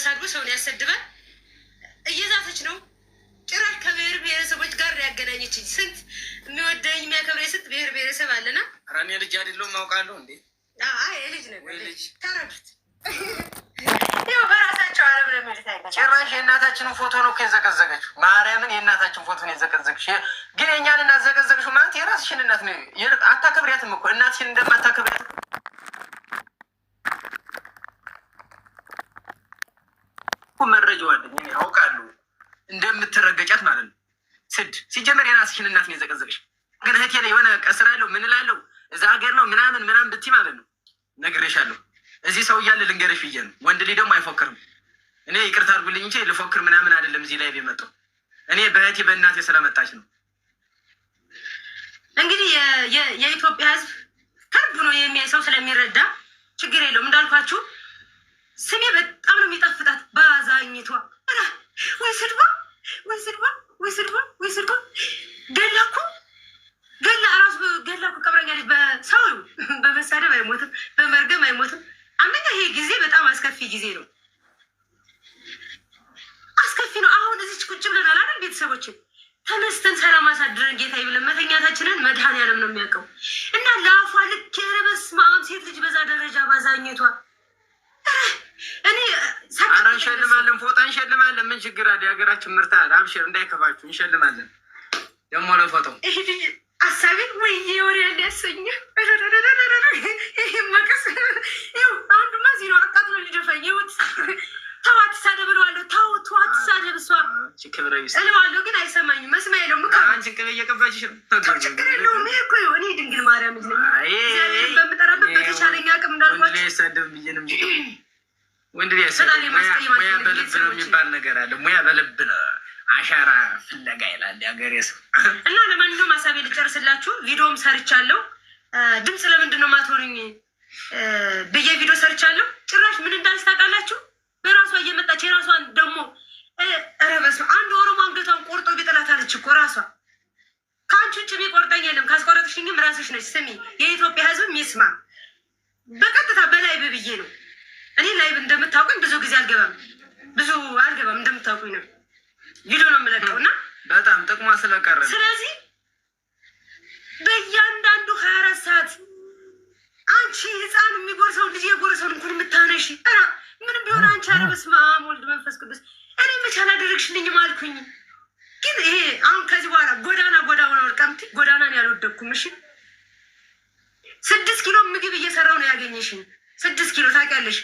ተሳድቦ ሰውን ያሰድባል። እየዛተች ነው ጭራሽ ከብሔር ብሔረሰቦች ጋር ያገናኘችኝ። ስንት የሚወደኝ የሚያከብረ ስንት ብሔር ብሔረሰብ አለና ራኔ ልጅ አይደለሁም አውቃለሁ እንዴ ልጅ ነገር ተረዱት። ያው በራሳቸው አለም ለመልት አይነት ጭራሽ የእናታችንን ፎቶ ነው እኮ የዘቀዘቀችው። ማርያምን የእናታችን ፎቶ ነው የዘቀዘቅሽ። ግን የእኛን እናት ዘቀዘቅሽው ማለት የራስሽን እናት ነው። አታከብሪያትም እኮ እናትሽን እንደማታከብሪያት እዚህ ሰው እያለ ልንገርሽ ብዬ ነው። ወንድ ልጅ ደግሞ አይፎክርም። እኔ ይቅርታ አድርጉልኝ እንጂ ልፎክር ምናምን አይደለም። እዚህ ላይ ቢመጣው እኔ በእህቴ በእናቴ ስለመጣች ነው። እንግዲህ የኢትዮጵያ ሕዝብ ከልቡ ነው የሚያይ ሰው ስለሚረዳ ችግር የለውም። እንዳልኳችሁ ስሜ በጣም ነው የሚጣፍጣት። በአዛኝቷ ወይ ስድባ ወይ ወይ ደረጃ ባዛኝቷ እኔ ኧረ እንሸልማለን፣ ፎጣ እንሸልማለን። ምን ችግር አለ? የሀገራችን ምርት አለ። አብሽር እንዳይከፋችሁ፣ እንሸልማለን። ደግሞ ለፎጣው አሳቢን ወይ የወሬ ያሰኛ ይህ መቅስ አንዱማ ዜሮ አቃጥሎ ሊደፋ ይውት ተው አትሳደብ እለዋለሁ። ተው ተው አትሳደብ። እሷ እለዋለሁ ግን አይሰማኝም። መስማ የለውም። ችግር የለውም። ይሄ እኮ እኔ ድንግል ማርያም ይለኝ በምጠራበት በተቻለኝ አቅም እንዳልኳቸው ሙያ በልብ ነው የሚባል ነገር አለ። ሙያ በልብ ነው አሻራ ፍለጋ ይላል የሀገሬ ሰው እና ለማንኛውም ሀሳቤ ልጨርስላችሁ። ቪዲዮም ሰርቻለሁ። ድምፅ ለምንድን ነው የማትሆኑኝ ብዬ ቪዲዮ ሰርቻለሁ። ጭራሽ ምን እንዳልሽ ታውቃላችሁ? መች ራሷን ደግሞ ረበስ አንድ ኦሮሞ አንገቷን ቆርጦ ቢጥላት አለች እኮ ራሷ። ከአንቺ ውጭ ቢቆርጠኝ የለም። ካስቆረጥሽኝም ራስሽ ነች። ስሚ፣ የኢትዮጵያ ሕዝብ ይስማ። በቀጥታ በላይብ ብዬ ነው እኔ ላይብ እንደምታውቁኝ ብዙ ጊዜ አልገባም፣ ብዙ አልገባም እንደምታውቁኝ ነው። ቪዲዮ ነው የምለቀው እና በጣም ጥቅሟ ስለቀረ ስለዚህ በእያንዳንዱ ሀያ አራት ሰዓት አንቺ ህፃን የሚጎርሰውን ልጅ የጎረሰውን እንኳን የምታነሺ ምንም ቢሆን አንቺ አለ በስመ አብ ወልድ መንፈስ ቅዱስ እኔ መቼ አላደረግሽልኝም አልኩኝ። ግን ይሄ አሁን ከዚህ በኋላ ጎዳና ጎዳና ወርቀምቲ ጎዳናን ያልወደግኩም እሺ። ስድስት ኪሎ ምግብ እየሰራው ነው ያገኘሽኝ። ስድስት ኪሎ ታውቂያለሽ።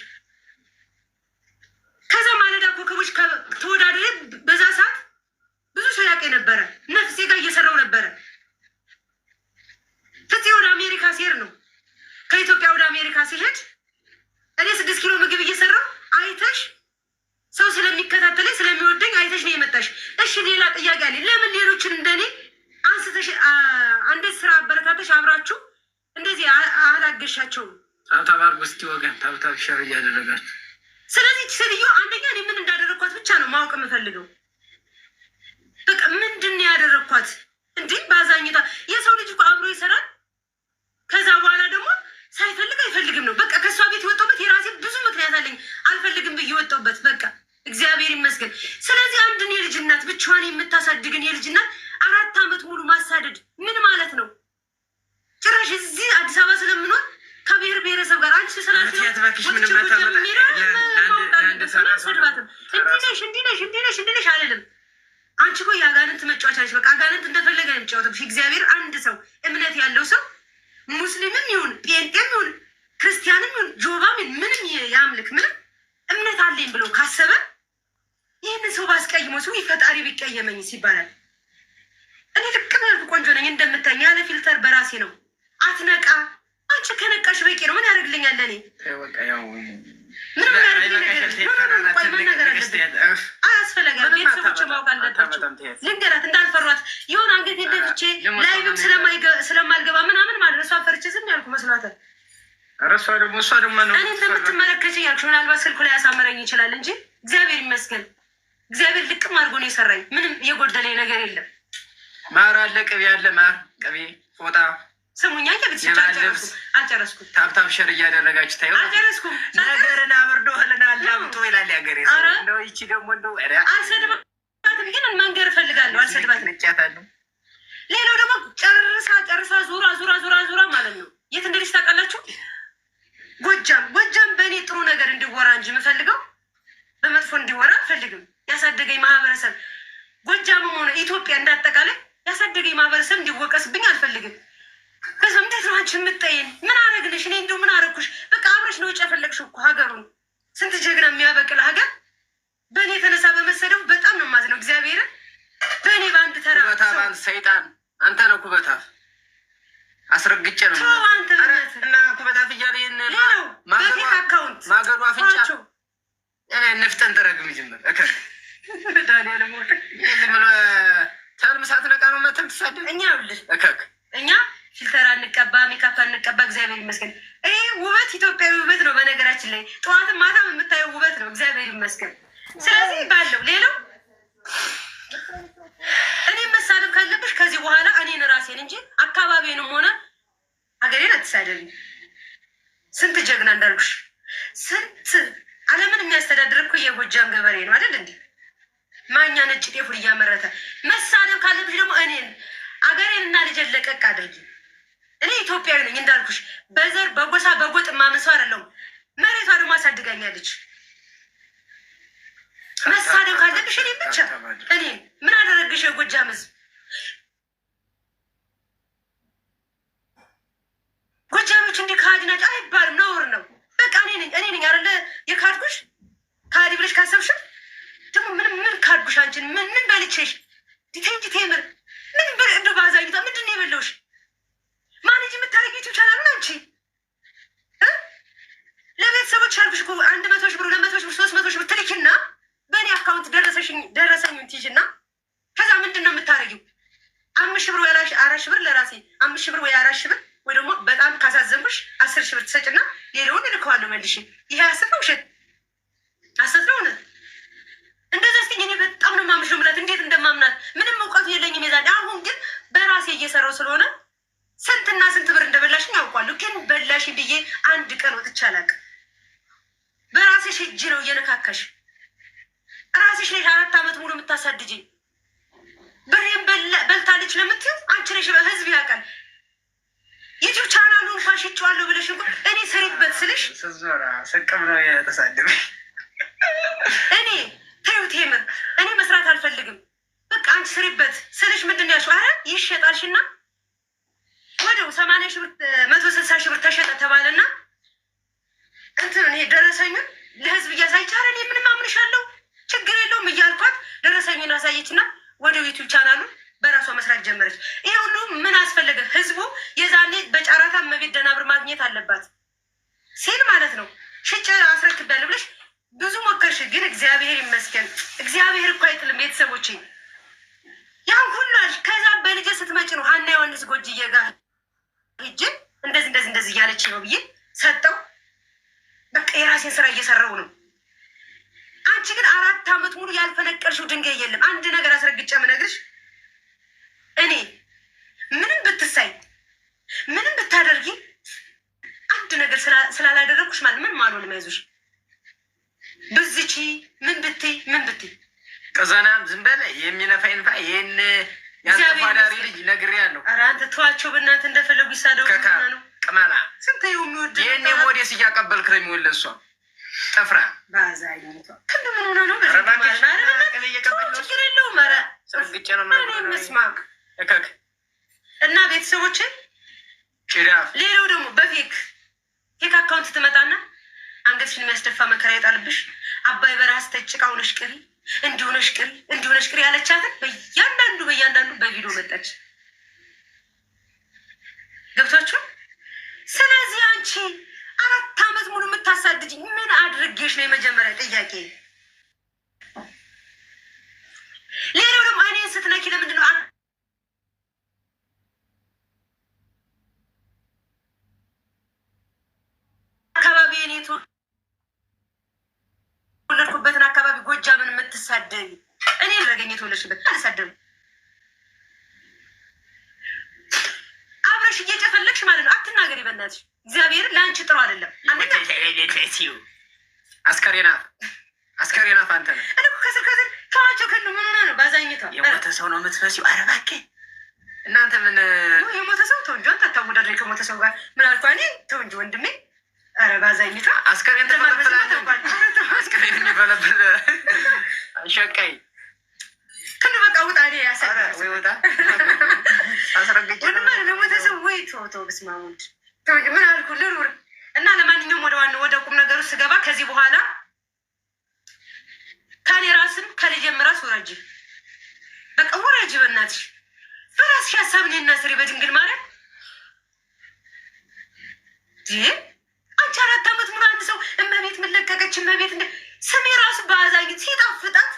ከዛ ማለዳ ኮከቦች ተወዳደረ። በዛ ሰዓት ብዙ ሰው ያውቅ ነበረ። ነፍሴ ጋር እየሰራው ነበረ። ፍፄ ወደ አሜሪካ ሲሄድ ነው ከኢትዮጵያ ወደ አሜሪካ ሲሄድ እኔ ስድስት ኪሎ ምግብ እየሰራሁ አይተሽ ሰው ስለሚከታተለኝ ስለሚወደኝ አይተሽ ነው የመጣሽ። እሺ ሌላ ጥያቄ አለ። ለምን ሌሎችን እንደኔ አንስተሽ እንዴት ስራ አበረታተሽ አብራችሁ እንደዚህ አላገሻቸው? ታብታብ አድርጎ እስኪ ወገን ታብታብ ሸር እያደረጋችሁ። ስለዚህ ሴትዮ አንደኛ እኔ ምን እንዳደረግኳት ብቻ ነው ማወቅ የምፈልገው። በቃ ምንድን ነው ያደረግኳት? እንዲህ በአዛኝታ የሰው ልጅ ሲያሳድግ እኔ ልጅ አራት አመት ሙሉ ማሳደድ ምን ማለት ነው? ጭራሽ እዚህ አዲስ አበባ ስለምኖር ከብሔር ብሔረሰብ ጋር አንቺ ስላልእንዲነሽ አልልም። አንቺ ኮ የአጋንንት መጫወቻ ነሽ። በቃ አጋንንት እንደፈለገ ነው የሚጫወተብሽ። እግዚአብሔር አንድ ሰው እምነት ያለው ሰው ሙስሊምም ይሁን ጴንጤም ይሁን ክርስቲያንም ይሁን ጆባም ምንም ያምልክ ምንም እምነት አለኝ ብሎ ካሰበ ይህን ሰው ባስቀይሞ ሰው ፈጣሪ ቢቀየመኝ ይባላል። እኔ ልክ መልኩ ቆንጆ ነኝ እንደምታኝ ያለ ፊልተር በራሴ ነው። አትነቃ አንቺ ከነቃሽ በቂ ነው። ምን ያደርግልኛል? ለኔ ምንም ቤተሰቦች ማወቅ አለባቸው። ልንገራት እንዳልፈሯት የሆነ አንገት የደፍቼ ላይብም ስለማልገባ ምናምን ማለት እሷ ፈርቼ ዝም ያልኩ መስሏታል። እሷ ደግሞ እሷ ደግሞ እኔ እንደምትመለከች ያልኩ ምናልባት ስልኩ ላይ ያሳምረኝ ይችላል እንጂ እግዚአብሔር ይመስገን እግዚአብሔር ልቅም አድርጎ ነው የሰራኝ። ምንም የጎደለ ነገር የለም። ማር አለ፣ ቅቤ አለ። ማር ቅቤ፣ ፎጣ ስሙኛ ቤተሰብ አልጨረስኩም። ታብታብ ሸር እያደረጋችሁ ታዩ። አልጨረስኩም። ነገርን አምርዶ ህልና አላምጡ ይላል ያገሬ ሰው። ይቺ ደግሞ እንደ አልሰድባትም፣ ግን መንገር እፈልጋለሁ። አልሰድባትም፣ እጫታለሁ። ሌላው ደግሞ ጨርሳ ጨርሳ ዙራ ዙራ ዙራ ዙራ ማለት ነው። የት እንደደስ ታውቃላችሁ? ጎጃም ጎጃም። በእኔ ጥሩ ነገር እንዲወራ እንጂ የምፈልገው በመጥፎ እንዲወራ አልፈልግም። ያሳደገኝ ማህበረሰብ ጎጃምም ሆነ ኢትዮጵያ እንዳጠቃላይ ያሳደገኝ ማህበረሰብ እንዲወቀስብኝ አልፈልግም። ከዛ እንዴት ነው አንቺ የምጠይን? ምን አረግንሽ? እኔ እንዲሁ ምን አረግኩሽ? በቃ አብረሽ ነው የጨፈለቅሽ እኮ ሀገሩን። ስንት ጀግና የሚያበቅል ሀገር በእኔ የተነሳ በመሰደው በጣም ነው የማዝነው። እግዚአብሔርን በእኔ በአንድ ተራ ሰይጣን አንተ ነው ኩበታ አስረግጬ ነው እከክ እኛ ፊልተር አንቀባ ሜካፕ አንቀባ። እግዚአብሔር ይመስገን። ይሄ ውበት ኢትዮጵያዊ ውበት ነው። በነገራችን ላይ ጠዋትም ማታም የምታየው ውበት ነው። እግዚአብሔር ይመስገን። ስለዚህ ባለው ሌላው እኔ መሳደብ ካለብሽ ከዚህ በኋላ እኔን ራሴን እንጂ አካባቢንም ሆነ ሀገሬን አትሳደብ። ስንት ጀግና እንዳልኩሽ ስንት ዓለምን የሚያስተዳድር እኮ የጎጃም ገበሬ ነው አይደል? እንዲ ማኛ ነጭ ጤፉን እያመረተ መሳደብ ካለብሽ ደግሞ እኔን አገሬንና ልጄን ለቀቅ አድርጊ። እኔ ኢትዮጵያዊ ነኝ እንዳልኩሽ፣ በዘር በጎሳ በጎጥ ማምን ሰው አይደለሁም። መሬቷ ደግሞ አሳድጋኛለች። መሳደብ ካለብሽ እኔ ብቻ አሉ ለቤተሰቦች አልኩሽ እኮ አንድ መቶ ሺህ ብር፣ ሁለት መቶ ሺህ ብር፣ ሶስት መቶ ሺህ ብር ትልኪና በእኔ አካውንት ትይዥና ከዛ ምንድን ነው የምታደርጊው? አምስት ሺህ ብር ወይ አራት ሺህ ብር ለራሴ አምስት ሺህ ብር ወይ አራት ሺህ ብር ወይ ደግሞ በጣም ካሳዘንኩሽ አስር ሺህ ብር ትሰጭና ሌላውን እልከዋለሁ መልሼ። ይሄ አስር ነው ውሸት አስር ነው እውነት። እንደዛ እኔ በጣም ነው እንዴት እንደማምናት ምንም እውቀቱ የለኝም። አሁን ግን በራሴ እየሰራው ስለሆነ አይቼ አላውቅም። በራስሽ እጅ ነው እየነካከሽ ራስሽ ነሽ አራት ዓመት ሙሉ የምታሳድጅኝ። ብሬን በልታለች ለምትይው አንቺ ነሽ። ህዝብ ያውቃል። ዩቲዩብ ቻናሉ እንኳን ሽጬዋለሁ ብለሽ እንኳን እኔ ስሪበት ስልሽ ስቅም ነው የተሳደበ። እኔ ተዩት የምር እኔ መስራት አልፈልግም። በቃ አንቺ ስሪበት ስልሽ ምንድን ያልሽው? አረ ይሸጣልሽና ወደው ሰማንያ ሺህ ብር መቶ ስልሳ ሺህ ብር ተሸጠ ተባለና እንትን እኔ ደረሰኙን ለህዝብ እያሳይች አረ እኔ ምንም አምንሻለሁ ችግር የለውም እያልኳት ደረሰኙን አሳየችና ወደ ዩቱብ ቻናሉን በራሷ መስራት ጀመረች። ይህ ሁሉ ምን አስፈለገ? ህዝቡ የዛኔ በጨረታ እመቤት ደናብር ማግኘት አለባት ሲል ማለት ነው። ሽጬ አስረክቤያለሁ ብለሽ ብዙ ሞከርሽ፣ ግን እግዚአብሔር ይመስገን እግዚአብሔር እኮ አይጥልም። ቤተሰቦች ያው ሁላሽ ከዛ በልጄ ስትመጪ ነው ሀና ዮሐንስ ጎጅዬ ጋር ሂጅን እንደዚህ እንደዚህ እንደዚህ እያለች ነው ብዬ የራሴን ስራ እየሰራሁ ነው። አንቺ ግን አራት አመት ሙሉ ያልፈነቀልሽው ድንጋይ የለም። አንድ ነገር አስረግጬ የምነግርሽ እኔ ምንም ብትሳይ ምንም ብታደርጊ አንድ ነገር ስላላደረግኩሽ ማለት ምን ማኖ ልመያዙሽ ብዝቺ ምን ብትይ ምን ብትይ ቀዘናም ዝም በለ የሚነፋ ይንፋ። ይህን ያስተፋዳሪ ልጅ ነግሬ ያለው አንተ ተዋቸው በእናትህ እንደፈለጉ ይሳደው ነው ቅማላ ስንተ የሚወድ ይህን ሞዴስ እያቀበልክ ነው የሚወለ እሷ ጠፍራ እና ቤተሰቦችን ሌላው ደግሞ በፌክ ፌክ አካውንት ትመጣና አንገትሽን የሚያስደፋ መከራ ይጣልብሽ። አባይ በረሃ ስተጭቃ ሆነሽ ቅሪ እንዲሆነሽ ቅሪ እንዲሆነሽ ቅሪ ያለቻትን በእያንዳንዱ በእያንዳንዱ በቪዲዮ መጣች። ገብቷችሁ ስለዚህ አንቺ አራት አመት ሙሉ የምታሳድጅኝ ምን አድርጌሽ ነው? የመጀመሪያ ጥያቄ። ሌላው ደግሞ እኔን ስትነኪ ለምንድን ነው አካባቢ እኔ የተወለድኩበትን አካባቢ ጎጃምን የምትሳደኝ? እኔ ረገኝ የተወለድሽበት አልሳደብም። በእናትሽ እግዚአብሔርን ለአንቺ ጥሩ አይደለም። አስከሬና አስከሬና ፋንተ ነው እ ከስር ከስር ተዋቸው ከነ ምን ሆነ ነው ባዛኝቷ የሞተ ሰው ነው የምትመስዩ። ኧረ እባክህ እናንተ ምን የሞተ ሰው ተወንጆ ታታሙዳደ ከሞተ ሰው ጋር ምን አልኳ እኔ ተወንጆ ወንድሜ ኧረ ባዛኝቷ አስከሬን አስከሬን የሚፈለብል ሸቃይ ክንዱ በቃ ውጣ ኔ ያሳ አስረግጭ ወንድማ ለሞተ ሰው ወይ ተወቶ ብስማሙድ ምን አልኩ ልኑር እና ለማንኛውም ወደ ዋና ወደ ቁም ነገሩ ስገባ ከዚህ በኋላ ከኔ ራስም ከልጄም ራስ ውረጅ፣ በቃ ውረጅ። በእናትሽ በራስሽ ስሪ። በድንግል አንቺ አራት ሙሉ አንድ ሰው እመቤት ምለቀቀች እመቤት ስሜ ራሱ በአዛኝ ሲጣፍጣት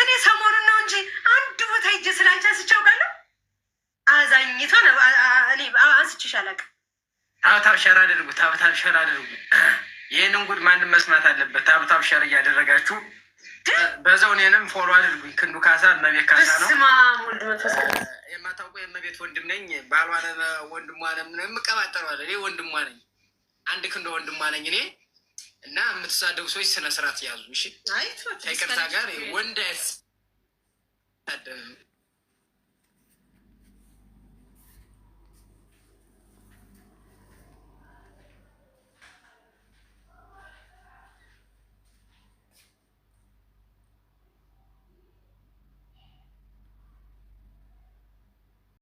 እኔ ሰሞኑን ነው እንጂ አንድ ቦታ ስላንቺ አዛኝቷን እኔ አንስቼሽ አላውቅም። ታብታብ ሸር አድርጉ፣ ታብታብ ሸር አድርጉ። ይህንን ጉድ ማንም መስማት አለበት። ታብታብ ሸር እያደረጋችሁ በዛው እኔንም ፎሎ አድርጉኝ። ክንዱ ካሳ እመቤት ካሳ ነው። የማታውቁ የእመቤት ወንድም ነኝ። ባሏ ወንድሟ ነው የምቀባጠረው አለ። እኔ ወንድሟ ነኝ፣ አንድ ክንዶ ወንድሟ ነኝ እኔ እና የምትሳደጉ ሰዎች ስነስርዓት ያዙ። እሺ፣ ከይቅርታ ጋር ወንድ አይሳደብም